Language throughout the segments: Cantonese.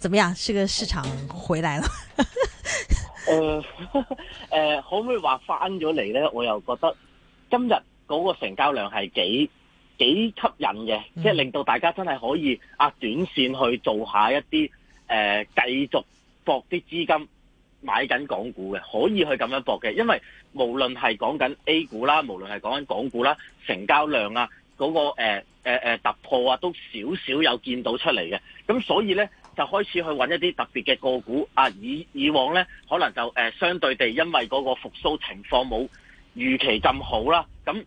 怎麼樣？是個市場回來了？誒 誒、呃，可唔可以話翻咗嚟呢？我又覺得今日嗰個成交量係幾幾吸引嘅，嗯、即係令到大家真係可以啊短線去做一下一啲誒、呃，繼續搏啲資金買緊港股嘅，可以去咁樣搏嘅。因為無論係講緊 A 股啦，無論係講緊港股啦，成交量啊嗰、那個誒誒、呃呃呃、突破啊，都少少有見到出嚟嘅。咁所以呢。就開始去揾一啲特別嘅個股，啊，以以往呢，可能就、呃、相對地，因為嗰個復甦情況冇預期咁好啦，咁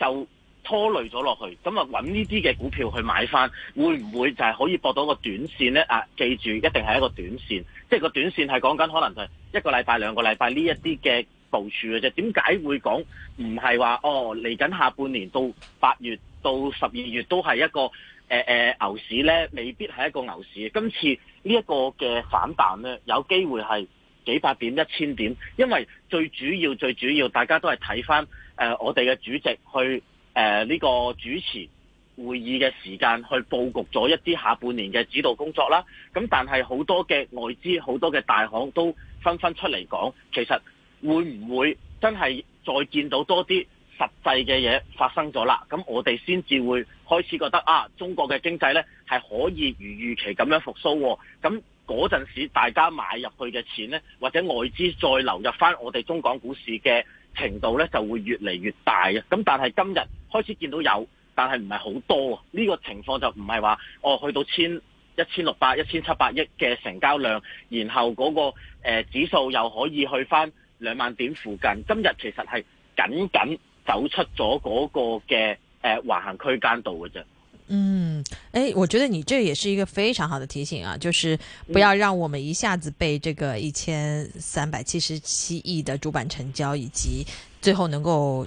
就拖累咗落去。咁啊揾呢啲嘅股票去買翻，會唔會就係可以博到個短線呢？啊，記住，一定係一個短線，即係個短線係講緊可能就係一個禮拜、兩個禮拜呢一啲嘅部署嘅啫。點解會講唔係話哦？嚟緊下半年到八月到十二月都係一個。誒誒，牛市咧未必係一個牛市。今次呢一個嘅反彈咧，有機會係幾百點、一千點，因為最主要、最主要，大家都係睇返誒我哋嘅主席去誒呢、呃這個主持會議嘅時間，去佈局咗一啲下半年嘅指導工作啦。咁但係好多嘅外資、好多嘅大行都紛紛出嚟講，其實會唔會真係再見到多啲？實際嘅嘢發生咗啦，咁我哋先至會開始覺得啊，中國嘅經濟呢係可以如預期咁樣復甦，哦。咁嗰陣時，大家買入去嘅錢呢，或者外資再流入翻我哋中港股市嘅程度呢，就會越嚟越大嘅。咁但係今日開始見到有，但係唔係好多呢、呢個情況就唔係話哦，去到千一千六百、一千七百億嘅成交量，然後嗰、嗰個、呃、指數又可以去翻兩萬點附近。今日其實係僅僅，走出咗嗰個嘅，誒，橫行區間度嘅啫。嗯，誒、欸，我覺得你這也是一個非常好的提醒啊，就是不要讓我們一下子被這個一千三百七十七億的主板成交，以及最後能夠。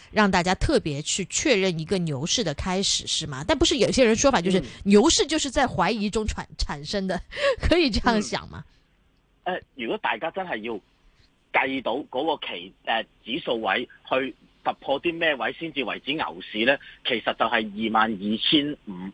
讓大家特別去確認一個牛市的開始，是嗎？但不是有些人說法、嗯、就是牛市就是在懷疑中產產生的，可以這樣想嗎？嗯呃、如果大家真係要計到嗰個期、呃、指數位去突破啲咩位先至為止牛市呢？其實就係二萬二千五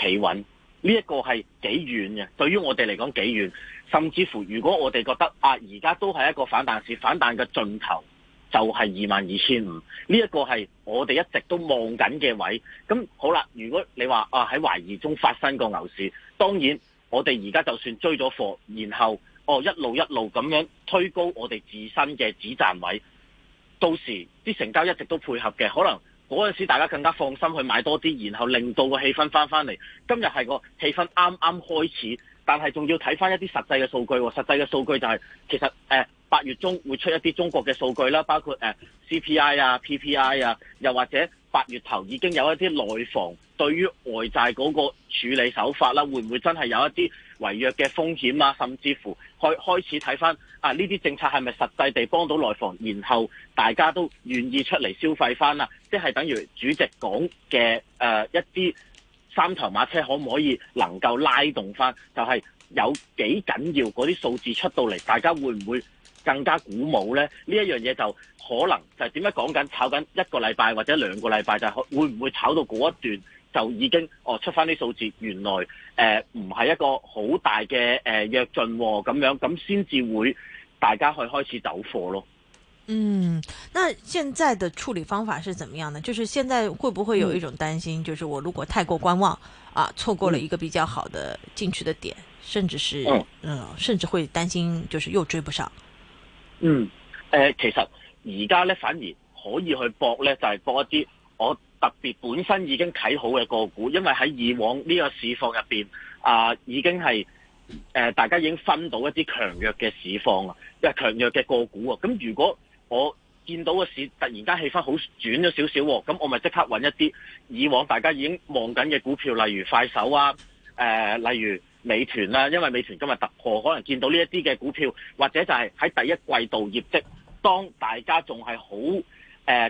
企穩呢一、這個係幾遠嘅，對於我哋嚟講幾遠，甚至乎如果我哋覺得啊而家都係一個反彈市，反彈嘅盡頭。就係二萬二千五，呢一個係我哋一直都望緊嘅位。咁好啦，如果你話啊喺懷疑中發生個牛市，當然我哋而家就算追咗貨，然後哦一路一路咁樣推高我哋自身嘅止賺位，到時啲成交一直都配合嘅，可能嗰陣時大家更加放心去買多啲，然後令到個氣氛翻翻嚟。今日係個氣氛啱啱開始，但係仲要睇翻一啲實際嘅數據。實際嘅數據就係、是、其實誒。呃八月中會出一啲中國嘅數據啦，包括誒 CPI 啊、PPI 啊，又或者八月頭已經有一啲內房對於外債嗰個處理手法啦，會唔會真係有一啲違約嘅風險啊？甚至乎開開始睇翻啊，呢啲政策係咪實際地幫到內房，然後大家都願意出嚟消費翻啊？即係等於主席講嘅誒一啲三頭馬車可唔可以能夠拉動翻？就係有幾緊要嗰啲數字出到嚟，大家會唔會。更加鼓舞咧，呢一樣嘢就可能就係點解講緊，炒緊一個禮拜或者兩個禮拜就，會唔會炒到嗰一段就已經哦出翻啲數字，原來誒唔係一個好大嘅誒躍進咁樣，咁先至會大家去開始走貨咯。嗯，那現在的處理方法是怎麼樣呢？就是現在會不會有一種擔心，嗯、就是我如果太過觀望啊，錯過了一個比較好的進去的點，嗯、甚至是嗯、呃，甚至會擔心，就是又追不上。嗯，誒、呃，其實而家咧反而可以去搏咧，就係、是、搏一啲我特別本身已經睇好嘅個股，因為喺以往呢個市況入邊啊，已經係誒、呃、大家已經分到一啲強弱嘅市況啊，即、呃、係強弱嘅個股啊。咁、嗯、如果我見到個市突然間氣氛好轉咗少少，咁、嗯、我咪即刻搵一啲以往大家已經望緊嘅股票，例如快手啊，誒、呃，例如。美團啦、啊，因為美團今日突破，可能見到呢一啲嘅股票，或者就係喺第一季度業績，當大家仲係好誒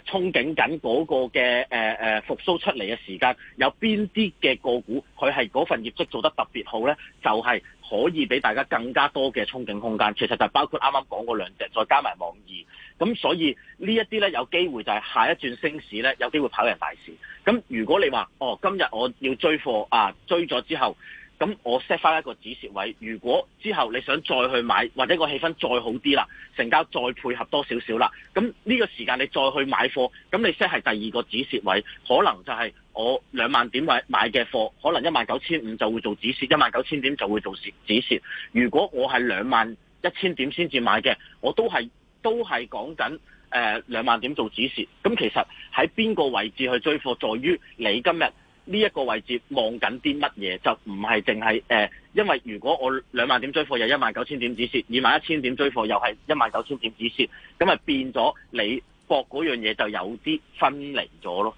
憧憬緊嗰個嘅誒誒復蘇出嚟嘅時間，有邊啲嘅個股佢係嗰份業績做得特別好呢？就係、是、可以俾大家更加多嘅憧憬空間。其實就包括啱啱講嗰兩隻，再加埋網易，咁所以呢一啲呢，有機會就係下一轉升市呢，有機會跑贏大市。咁如果你話哦，今日我要追貨啊，追咗之後。咁我 set 翻一個止蝕位，如果之後你想再去買，或者個氣氛再好啲啦，成交再配合多少少啦，咁呢個時間你再去買貨，咁你 set 係第二個止蝕位，可能就係我兩萬點買買嘅貨，可能一萬九千五就會做止蝕，一萬九千點就會做止蝕。如果我係兩萬一千點先至買嘅，我都係都係講緊誒兩萬點做止蝕。咁其實喺邊個位置去追貨，在於你今日。呢一個位置望緊啲乜嘢就唔係淨係誒，因為如果我兩萬點追貨又一萬九千點止蝕，二萬一千點追貨又係一萬九千點止蝕，咁啊變咗你博嗰樣嘢就有啲分離咗咯。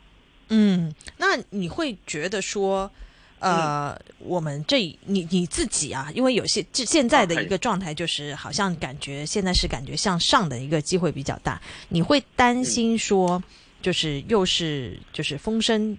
嗯，那你會覺得說，呃，嗯、我們這你你自己啊，因為有些現在的一個狀態就是，啊、是好像感覺現在是感覺向上的一個機會比較大，你會擔心說，就是又是、嗯、就是風聲。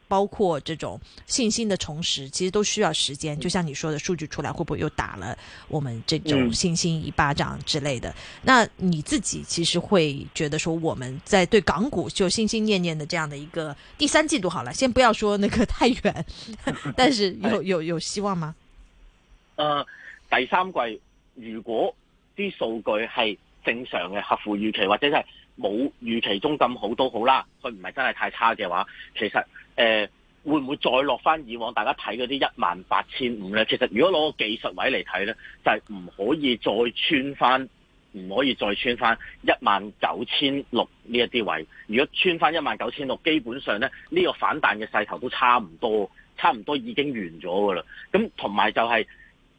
包括這種信心的重拾，其實都需要時間。就像你說的數據出來，會不會又打了我們這種信心一巴掌之類的？嗯、那你自己其實會覺得說，我們在對港股就心心念念的這樣的一個第三季度，好了，先不要說那個太遠， 但是有是有有希望嗎？呃，第三季如果啲數據係正常嘅，合乎預期，或者係冇預期中咁好都好啦，佢唔係真係太差嘅話，其實。誒、呃、會唔會再落翻以往大家睇嗰啲一萬八千五咧？其實如果攞個技術位嚟睇咧，就係、係、唔可以再穿翻，唔可以再穿翻一萬九千六呢一啲位。如果穿翻一萬九千六，基本上咧呢、呢個反彈嘅勢頭都差唔多，差唔多已經完咗㗎啦。咁同埋就係、係、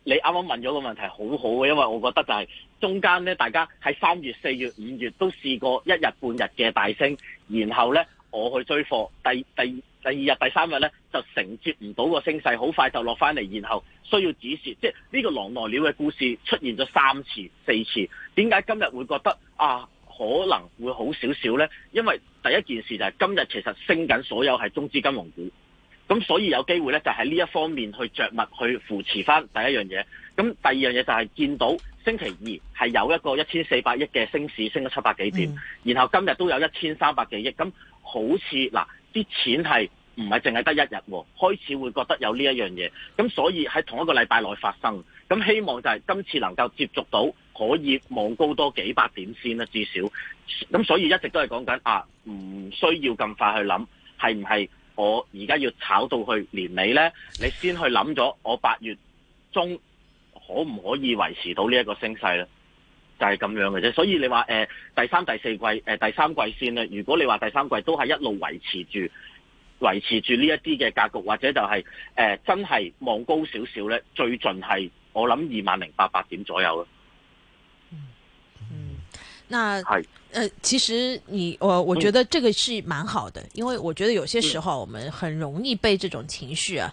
你啱啱問咗個問題，好好嘅，因為我覺得就係、係、中間咧，大家喺三月、四月、五月都試過一日半日嘅大升，然後咧我去追貨第，第第。第二日、第三日咧就承接唔到個升勢，好快就落翻嚟，然後需要止蝕，即係呢個狼來了嘅故事出現咗三次、四次。點解今日會覺得啊可能會好少少呢？因為第一件事就係、是、今日其實升緊所有係中資金融股，咁所以有機會咧就喺、是、呢一方面去著墨去扶持翻第一樣嘢。咁第二樣嘢就係見到星期二係有一個一千四百億嘅升市，升咗七百幾點，嗯、然後今日都有一千三百幾億，咁好似嗱。啲錢係唔係淨係得一日？開始會覺得有呢一樣嘢，咁所以喺同一個禮拜內發生，咁希望就係今次能夠接觸到，可以望高多幾百點先啦，至少。咁所以一直都係講緊啊，唔需要咁快去諗，係唔係我而家要炒到去年尾呢？你先去諗咗，我八月中可唔可以維持到呢一個升勢呢？就係咁樣嘅啫，所以你話誒、呃、第三第四季誒、呃、第三季先咧，如果你話第三季都係一路維持住維持住呢一啲嘅格局，或者就係、是、誒、呃、真係望高少少咧，最盡係我諗二萬零八百點左右咯、嗯。嗯，那係誒是、呃，其實你我我覺得這個是蠻好的，因為我覺得有些時候我們很容易被這種情緒啊。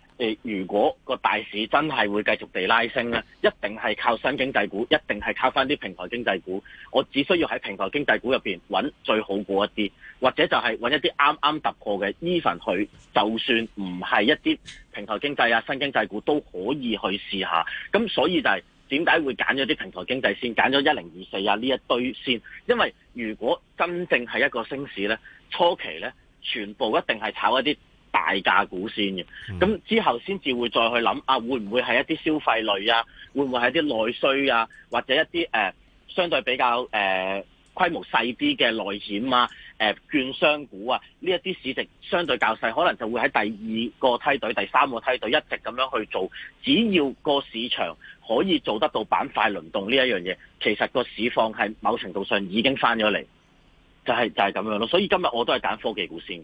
如果個大市真係會繼續地拉升咧，一定係靠新經濟股，一定係靠翻啲平台經濟股。我只需要喺平台經濟股入面揾最好過一啲，或者就係揾一啲啱啱突破嘅依份，去，就算唔係一啲平台經濟啊、新經濟股都可以去試下。咁所以就係點解會揀咗啲平台經濟先，揀咗一零二四啊呢一堆先，因為如果真正係一個升市咧，初期咧，全部一定係炒一啲大價股先嘅，咁之後先至會再去諗啊，會唔會係一啲消費類啊？會唔會係一啲內需啊？或者一啲誒、呃、相對比較誒、呃、規模細啲嘅內險啊、誒、呃、券商股啊，呢一啲市值相對較細，可能就會喺第二個梯隊、第三個梯隊一直咁樣去做。只要個市場可以做得到板塊輪動呢一樣嘢，其實個市況喺某程度上已經翻咗嚟，就係、是、就係、是、咁樣咯。所以今日我都係揀科技股先。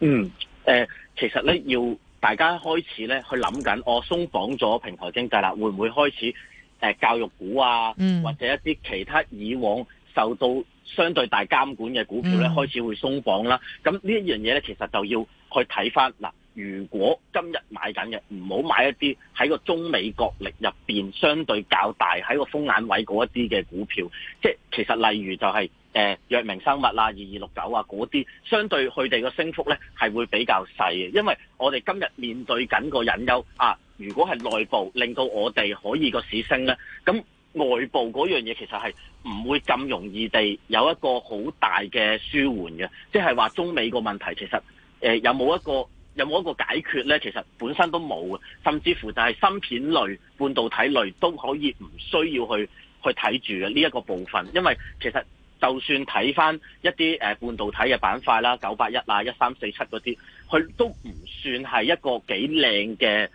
嗯，誒、呃，其實咧，要大家開始咧去諗緊，哦，鬆綁咗平台經濟啦，會唔會開始誒、呃、教育股啊，嗯、或者一啲其他以往受到相對大監管嘅股票咧，嗯、開始會鬆綁啦？咁呢一樣嘢咧，其實就要去睇翻嗱，如果今日買緊嘅，唔好買一啲喺個中美角力入邊相對較大喺個風眼位嗰一啲嘅股票，即係其實例如就係、是。誒藥明生物啊，二二六九啊，嗰啲相對佢哋個升幅咧係會比較細嘅，因為我哋今日面對緊個隱憂啊。如果係內部令到我哋可以個市升咧，咁外部嗰樣嘢其實係唔會咁容易地有一個好大嘅舒緩嘅，即係話中美個問題其實，呃，有冇一個有冇一個解決咧？其實本身都冇嘅，甚至乎就係芯片類、半導體類都可以唔需要去去睇住嘅呢一個部分，因為其實。就算睇翻一啲半導體嘅板塊啦，九八一啦，一三四七嗰啲，佢都唔算係一個幾靚嘅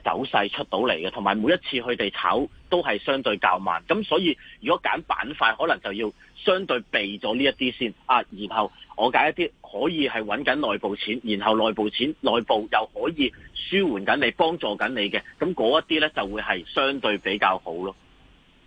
走勢出到嚟嘅，同埋每一次佢哋炒都係相對較慢。咁所以如果揀板塊，可能就要相對避咗呢一啲先啊，然後我揀一啲可以係揾緊內部錢，然後內部錢內部又可以舒緩緊你、幫助緊你嘅，咁嗰一啲呢就會係相對比較好咯。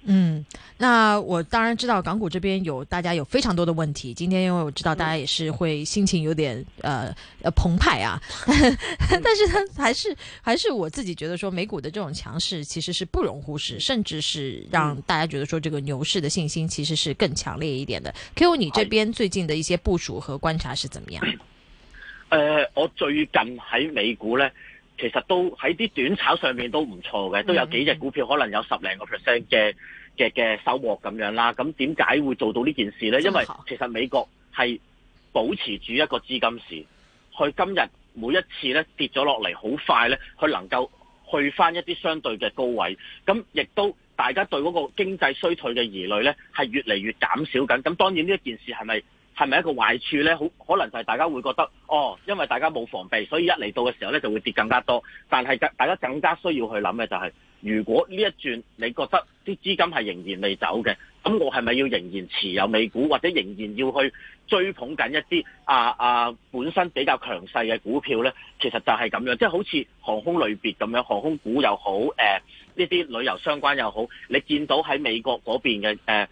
嗯，那我當然知道港股這邊有大家有非常多的問題。今天因為我知道大家也是會心情有點、嗯、呃呃澎湃啊，但是他還是還是我自己覺得說美股的這種強勢其實是不容忽視，甚至是讓大家覺得說這個牛市的信心其實是更強烈一點的。K Ho，你這邊最近的一些部署和觀察是怎麼樣？呃我最近喺美股呢，其實都喺啲短炒上面都唔錯嘅，都有幾隻股票可能有十零個 percent 嘅。嘅嘅收穫咁樣啦，咁點解會做到呢件事呢？因為其實美國係保持住一個資金市，佢今日每一次呢跌咗落嚟，好快呢，佢能夠去翻一啲相對嘅高位，咁亦都大家對嗰個經濟衰退嘅疑慮呢，係越嚟越減少緊。咁當然呢一件事係咪？係咪一個壞處呢？好可能就係大家會覺得，哦，因為大家冇防備，所以一嚟到嘅時候呢就會跌更加多。但係大家更加需要去諗嘅就係，如果呢一轉，你覺得啲資金係仍然未走嘅，咁我係咪要仍然持有美股，或者仍然要去追捧緊一啲啊啊本身比較強勢嘅股票呢？其實就係咁樣，即係好似航空類別咁樣，航空股又好，誒呢啲旅遊相關又好，你見到喺美國嗰邊嘅誒，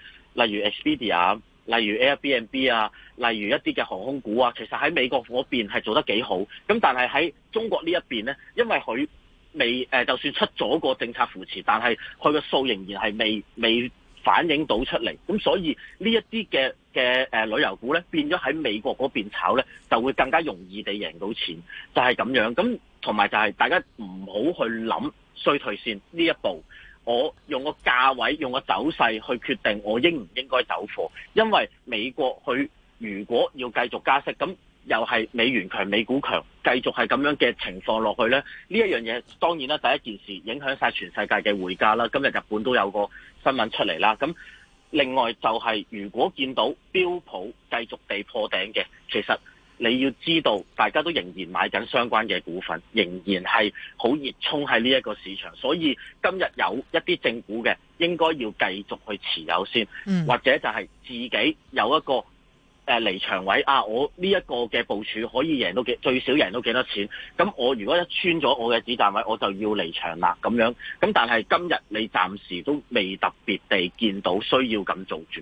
例如 Expedia。例如 Airbnb 啊，例如一啲嘅航空股啊，其實喺美國嗰邊係做得幾好，咁但係喺中國呢一邊呢，因為佢未誒，就算出咗個政策扶持，但係佢個數仍然係未未反映到出嚟，咁所以呢一啲嘅嘅旅遊股呢，變咗喺美國嗰邊炒呢，就會更加容易地贏到錢，就係咁樣，咁同埋就係大家唔好去諗衰退線呢一步。我用個價位，用個走勢去決定我應唔應該走貨，因為美國佢如果要繼續加息，咁又係美元強、美股強，繼續係咁樣嘅情況落去呢。呢一樣嘢當然啦，第一件事影響晒全世界嘅匯價啦。今日日本都有個新聞出嚟啦。咁另外就係如果見到標普繼續地破頂嘅，其實。你要知道，大家都仍然買緊相關嘅股份，仍然係好熱衷喺呢一個市場，所以今日有一啲正股嘅，應該要繼續去持有先，嗯、或者就係自己有一個誒離場位啊，我呢一個嘅部署可以贏到幾最少贏到幾多錢，咁我如果一穿咗我嘅子彈位，我就要離場啦咁樣，咁但係今日你暫時都未特別地見到需要咁做住。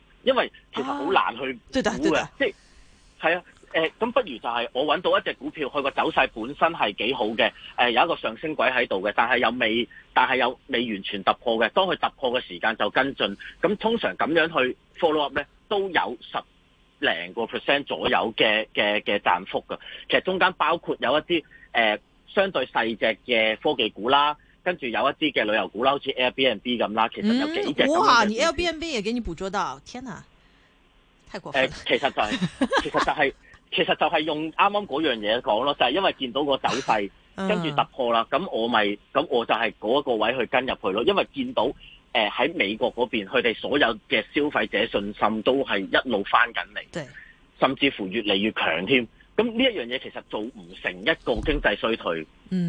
因為其實好難去估嘅，即係係啊，誒，咁、呃、不如就係我揾到一隻股票，佢個走勢本身係幾好嘅，誒、呃，有一個上升軌喺度嘅，但係又未，但係又未完全突破嘅，當佢突破嘅時間就跟進，咁通常咁樣去 follow up 咧，都有十零個 percent 左右嘅嘅嘅賺幅噶，其實中間包括有一啲誒、呃、相對細隻嘅科技股啦。跟住有一支嘅旅遊股啦，好似 Airbnb 咁啦，其實有幾隻、嗯。哇！你 Airbnb 也給你捕捉到，天哪，太過分、呃。其實就係、是 就是，其實就係，其實就係用啱啱嗰樣嘢講咯，就係、是、因為見到個走勢跟住突破啦，咁我咪咁我就係嗰一個位去跟入去咯，因為見到誒喺、呃、美國嗰邊佢哋所有嘅消費者信心都係一路翻緊嚟，對甚至乎越嚟越強添。咁呢一樣嘢其實做唔成一個經濟衰退，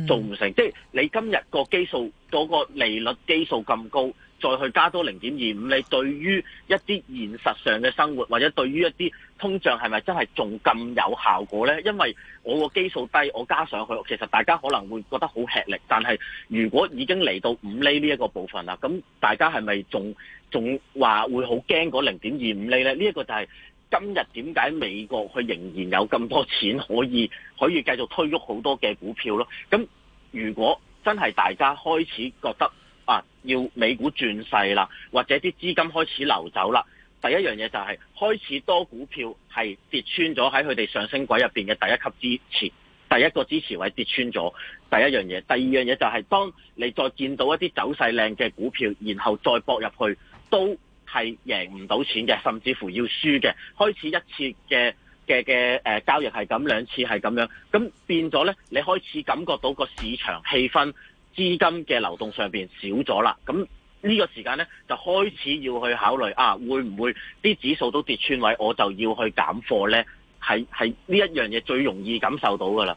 做唔成，嗯、即係你今日個基數嗰個利率基數咁高，再去加多零點二五，你對於一啲現實上嘅生活，或者對於一啲通脹，係咪真係仲咁有效果呢？因為我個基數低，我加上去，其實大家可能會覺得好吃力。但係如果已經嚟到五厘呢一個部分啦，咁大家係咪仲仲話會好驚嗰零點二五厘呢？呢一個就係。今日點解美國佢仍然有咁多錢可以可以繼續推喐好多嘅股票咯？咁如果真係大家開始覺得啊，要美股轉勢啦，或者啲資金開始流走啦，第一樣嘢就係開始多股票係跌穿咗喺佢哋上升軌入面嘅第一級支持，第一個支持位跌穿咗。第一樣嘢，第二樣嘢就係當你再見到一啲走勢靚嘅股票，然後再搏入去都。係贏唔到錢嘅，甚至乎要輸嘅。開始一次嘅嘅嘅誒交易係咁，兩次係咁樣，咁變咗咧，你開始感覺到個市場氣氛、資金嘅流動上面少咗啦。咁呢個時間咧，就開始要去考慮啊，會唔會啲指數都跌穿位，我就要去減貨咧？係係呢一樣嘢最容易感受到㗎啦。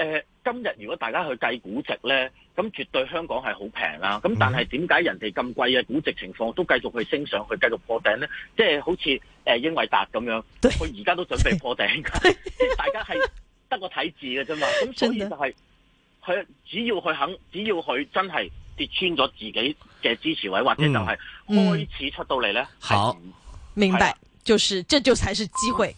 誒、呃，今日如果大家去計估值咧，咁絕對香港係好平啦。咁但係點解人哋咁貴嘅估值情況都繼續去升上去，繼續破頂咧？即係好似誒英偉達咁樣，佢而家都準備破頂。即大家係得個睇字嘅啫嘛。咁所以就係，佢只要佢肯，只要佢真係跌穿咗自己嘅支持位，或者就係開始出到嚟咧，係、嗯啊、明白，就是，這就才是機會。